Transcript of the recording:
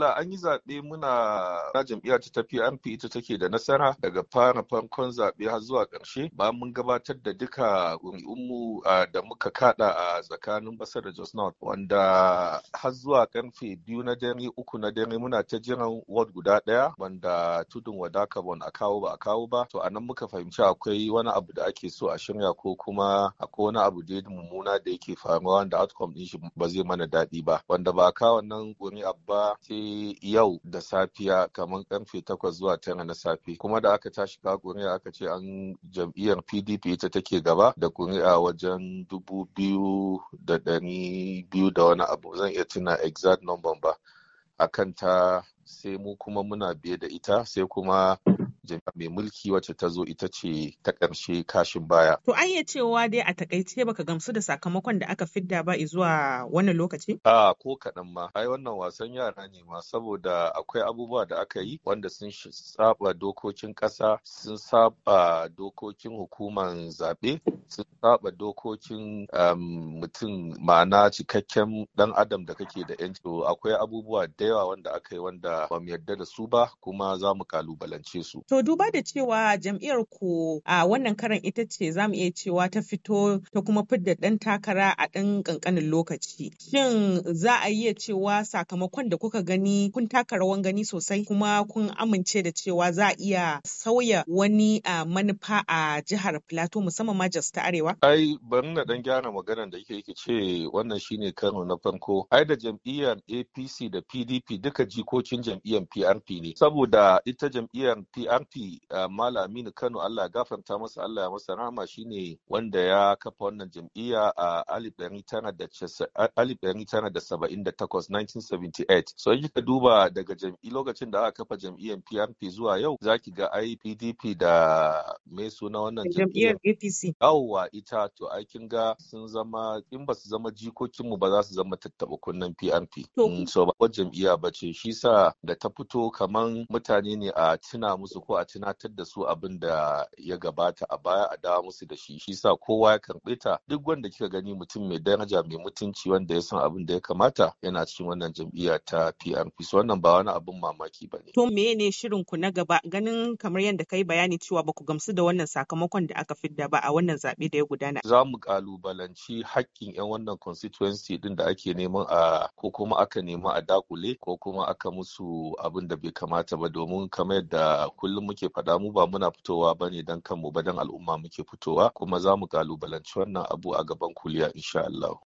Allah an yi zaɓe muna na jam'iyya ta tafi PNP ita take da nasara daga fara farkon zaɓe har zuwa ƙarshe ba mun gabatar da duka ƙuri'unmu da muka kaɗa a tsakanin Basar da Jos North wanda har zuwa ƙarfe biyu na dare uku na dare muna ta jiran ward guda ɗaya wanda tudun wadaka kabon a kawo ba a kawo ba to anan muka fahimci akwai wani abu da ake so a shirya ko kuma akwai wani abu da mummuna da yake faruwa wanda outcome ɗin shi ba zai mana daɗi ba wanda ba a kawo nan ƙuri'a ba sai yau da safiya kamar karfe takwas zuwa tara na safe kuma da aka tashi ka kuri'a aka ce an jam'iyyar pdp ita take gaba da kuri'a wajen dubu biyu da ɗari biyu da wani abu zan iya tuna exact number ba akan ta sai mu kuma muna biye da ita sai kuma jami'a mai mulki wacce ta zo ita ce ta ƙarshe kashin baya. To an iya cewa dai a takaice baka gamsu da sakamakon da aka fidda ba zuwa wannan lokaci? A ko kaɗan ma. Ai wannan wasan yara ne ma saboda akwai abubuwa da aka yi wanda sun saba dokokin ƙasa sun saba dokokin hukumar zaɓe sun saba dokokin um, mutum ma'ana cikakken dan adam da kake da yanci to akwai abubuwa da yawa wanda aka yi wanda ba mu yarda da su ba kuma za mu kalubalance su. To duba da cewa jam'iyyar ku a wannan karan ita ce za mu iya cewa ta fito ta kuma fidda ɗan takara a ɗan ƙanƙanin lokaci. Shin za a iya cewa sakamakon da kuka gani kun taka rawan gani sosai kuma kun amince da cewa za a iya sauya wani manufa a jihar Plateau musamman ma Jos ta Arewa? Ai, bari na dan gyara magana da yake ce wannan shine karo na farko. Ai da jam'iyyar APC da PDP duka jikokin jam'iyyar PRP ne. Saboda ita jam'iyyar PRP eh, Aminu Kano Allah gafarta masa Allah ya masa rama shine wanda ya kafa wannan jam'iyya a 1978 so kika duba daga jam'i lokacin da aka kafa jam'iyyar PRP zuwa yau zaki ga IPDP da me suna wannan jam'iyyar APC. Au wa ita to ai ga sun zama in ba su zama jikokin mu ba za su zama tattaɓa kunnen PNP. Mm, so ba jam'iyya ba ce shi sa da ta fito kaman mutane ne a tuna musu ko a tunatar da su abin da ya gabata a baya a dawo musu da shi shi sa kowa ya karɓe ta duk wanda kika gani mutum mai daraja mai mutunci wanda ya san abin da ya kamata yana cikin wannan jam'iyya ta PNP so wannan ba wani abin mamaki ba ne. To ne shirin ku na gaba ganin kamar yadda kai bayani cewa ba ku gamsu da wannan sakamakon da aka fidda ba a wannan zaɓe. zaɓe da ya gudana. Za mu ƙalubalanci haƙƙin 'yan wannan constituency ɗin da ake neman a ko kuma aka nema a dakule ko kuma aka musu abin da bai kamata ba domin kamar yadda kullum muke faɗa mu ba muna fitowa ba ne don kanmu ba don al'umma muke fitowa kuma za mu ƙalubalanci wannan abu a gaban kuliya insha Allah.